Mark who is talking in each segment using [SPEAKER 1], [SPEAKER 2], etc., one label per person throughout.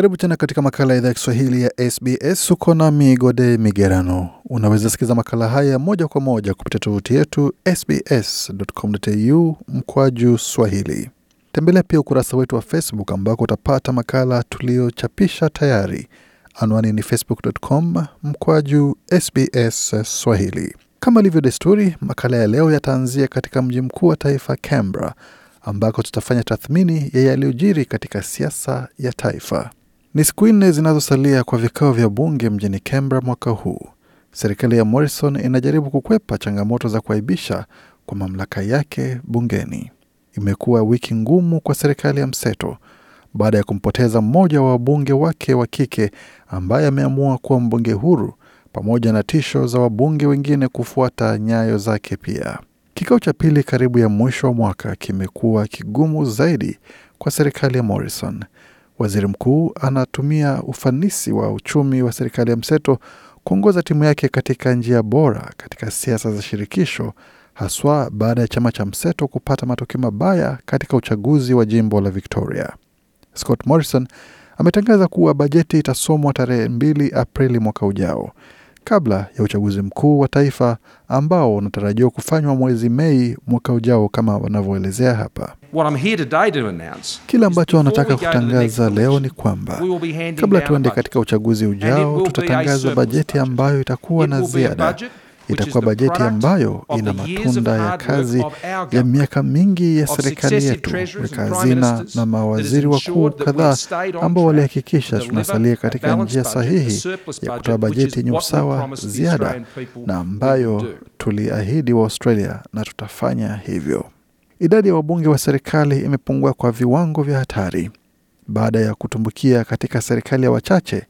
[SPEAKER 1] Karibu tena katika makala ya idhaa ya Kiswahili ya SBS. Uko nami Gode Migerano. Unaweza sikiza makala haya moja kwa moja kupitia tovuti yetu sbs.com.au mkwaju swahili. Tembelea pia ukurasa wetu wa Facebook ambako utapata makala tuliochapisha tayari. Anwani ni facebook.com mkwaju SBS swahili. Kama ilivyo desturi, makala ya leo yataanzia katika mji mkuu wa taifa Canberra, ambako tutafanya tathmini ya yaliyojiri katika siasa ya taifa. Ni siku nne zinazosalia kwa vikao vya bunge mjini Canberra mwaka huu. Serikali ya Morrison inajaribu kukwepa changamoto za kuaibisha kwa mamlaka yake bungeni. Imekuwa wiki ngumu kwa serikali ya mseto baada ya kumpoteza mmoja wa wabunge wake wa kike ambaye ameamua kuwa mbunge huru, pamoja na tisho za wabunge wengine kufuata nyayo zake pia. Kikao cha pili karibu ya mwisho wa mwaka kimekuwa kigumu zaidi kwa serikali ya Morrison. Waziri mkuu anatumia ufanisi wa uchumi wa serikali ya mseto kuongoza timu yake katika njia bora katika siasa za shirikisho, haswa baada ya chama cha mseto kupata matokeo mabaya katika uchaguzi wa jimbo la Victoria. Scott Morrison ametangaza kuwa bajeti itasomwa tarehe 2 Aprili mwaka ujao kabla ya uchaguzi mkuu wa taifa ambao unatarajiwa kufanywa mwezi Mei mwaka ujao kama wanavyoelezea hapa. Kile ambacho anataka kutangaza leo ni kwamba kabla tuende katika uchaguzi ujao, tutatangaza bajeti ambayo itakuwa na ziada budget itakuwa bajeti ambayo ina matunda ya kazi ya miaka mingi ya serikali yetu, weka hazina na mawaziri wakuu kadhaa ambao walihakikisha tunasalia katika njia sahihi ya kutoa bajeti yenye usawa, ziada na ambayo tuliahidi wa Australia, na tutafanya hivyo. Idadi ya wabunge wa serikali imepungua kwa viwango vya hatari baada ya kutumbukia katika serikali ya wachache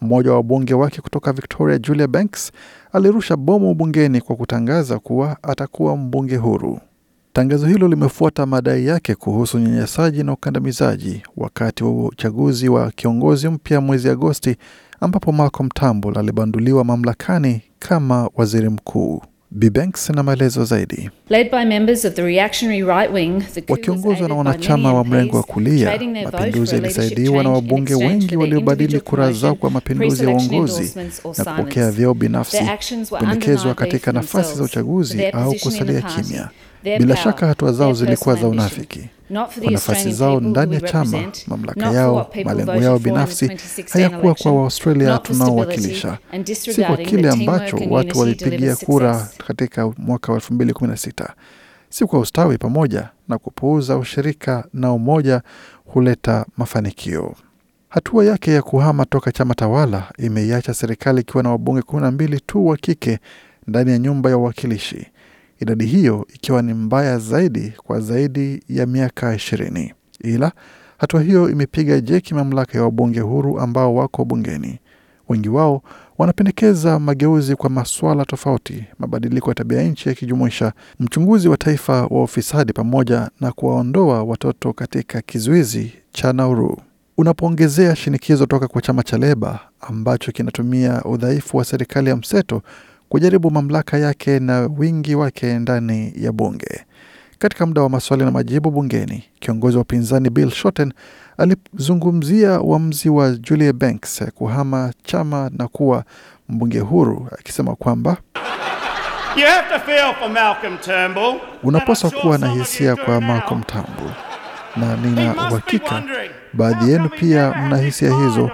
[SPEAKER 1] mmoja wa wabunge wake kutoka Victoria, Julia Banks, alirusha bomu bungeni kwa kutangaza kuwa atakuwa mbunge huru. Tangazo hilo limefuata madai yake kuhusu unyanyasaji na ukandamizaji wakati wa uchaguzi wa kiongozi mpya mwezi Agosti, ambapo Malcolm Turnbull alibanduliwa mamlakani kama waziri mkuu. Bibanks na maelezo zaidi. Wakiongozwa na wanachama wa mrengo wa kulia, mapinduzi yalisaidiwa na wabunge wengi waliobadili kura zao kwa mapinduzi ya uongozi na kupokea vyeo binafsi, kupendekezwa katika nafasi za uchaguzi au kusalia kimya. Bila shaka hatua zao zilikuwa za unafiki nafasi zao ndani ya chama, mamlaka yao, malengo yao binafsi hayakuwa kwa Waaustralia tunaowakilisha, si kwa kile ambacho watu walipigia kura katika mwaka wa 2016, si kwa ustawi pamoja na kupuuza ushirika na umoja huleta mafanikio. Hatua yake ya kuhama toka chama tawala imeiacha serikali ikiwa na wabunge 12 tu wa kike ndani ya nyumba ya uwakilishi idadi hiyo ikiwa ni mbaya zaidi kwa zaidi ya miaka ishirini. Ila hatua hiyo imepiga jeki mamlaka ya wabunge huru ambao wako bungeni. Wengi wao wanapendekeza mageuzi kwa masuala tofauti, mabadiliko ya tabia nchi yakijumuisha mchunguzi wa taifa wa ufisadi pamoja na kuwaondoa watoto katika kizuizi cha Nauru. Unapoongezea shinikizo toka kwa chama cha Leba ambacho kinatumia udhaifu wa serikali ya mseto kujaribu mamlaka yake na wingi wake ndani ya bunge. Katika muda wa maswali na majibu bungeni, kiongozi wa upinzani Bill Shorten alizungumzia uamuzi wa Julia Banks kuhama chama na kuwa mbunge huru, akisema kwamba unapaswa kuwa na hisia kwa Malcolm Turnbull, na nina uhakika baadhi yenu pia mna hisia hizo.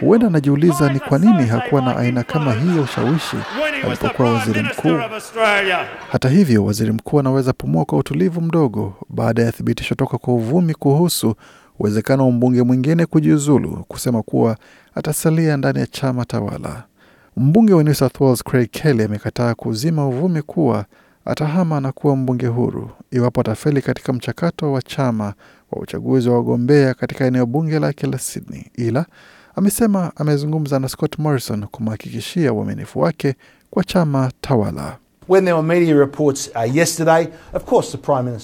[SPEAKER 1] Huenda anajiuliza ni kwa nini hakuwa na aina kama hii ya ushawishi alipokuwa waziri mkuu. Hata hivyo, waziri mkuu anaweza pumua kwa utulivu mdogo baada ya thibitisho toka kwa uvumi kuhusu uwezekano wa mbunge mwingine kujiuzulu, kusema kuwa atasalia ndani ya chama tawala. Mbunge wa New South Wales Craig Kelly amekataa kuzima uvumi kuwa atahama na kuwa mbunge huru iwapo atafeli katika mchakato wa chama wa uchaguzi wa wagombea katika eneo bunge lake la Sydney, ila amesema amezungumza na Scott Morrison kumhakikishia uaminifu wake kwa chama tawala. Uh,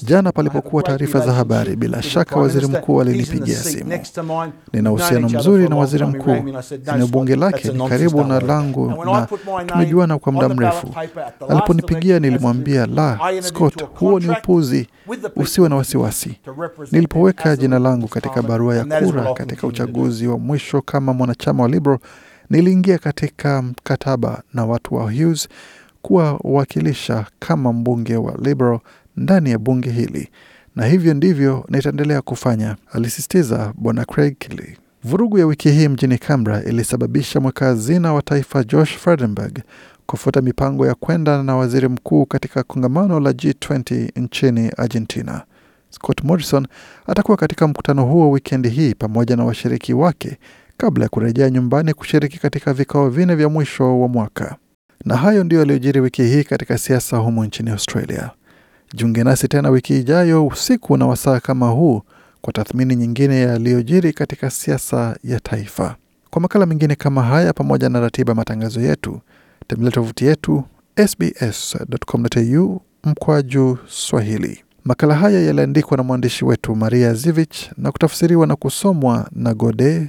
[SPEAKER 1] Jana palipokuwa taarifa za habari, bila shaka waziri mkuu alinipigia simu. Nina uhusiano mzuri na waziri mkuu, eneo bunge lake ni karibu na langu na tumejuana kwa muda mrefu. Aliponipigia nilimwambia, la Scott, huo ni upuzi, usiwe na wasiwasi. Nilipoweka jina langu katika barua ya kura katika uchaguzi wa mwisho kama mwanachama wa Liberal, Niliingia katika mkataba na watu wa Hughes kuwawakilisha kama mbunge wa Liberal ndani ya bunge hili, na hivyo ndivyo nitaendelea kufanya, alisisitiza Bwana Craigley. Vurugu ya wiki hii mjini Canberra ilisababisha mweka hazina wa taifa Josh Frydenberg kufuta mipango ya kwenda na waziri mkuu katika kongamano la G20 nchini Argentina. Scott Morrison atakuwa katika mkutano huo wikendi hii pamoja na washiriki wake kabla ya kurejea nyumbani kushiriki katika vikao vine vya mwisho wa mwaka. Na hayo ndiyo yaliyojiri wiki hii katika siasa humo nchini Australia. Jiunge nasi tena wiki ijayo usiku na wasaa kama huu kwa tathmini nyingine yaliyojiri katika siasa ya taifa. Kwa makala mengine kama haya, pamoja na ratiba matangazo yetu, tembelea tovuti yetu sbs.com.au mkwaju Swahili. Makala haya yaliandikwa na mwandishi wetu Maria Zivich na kutafsiriwa na kusomwa na Gode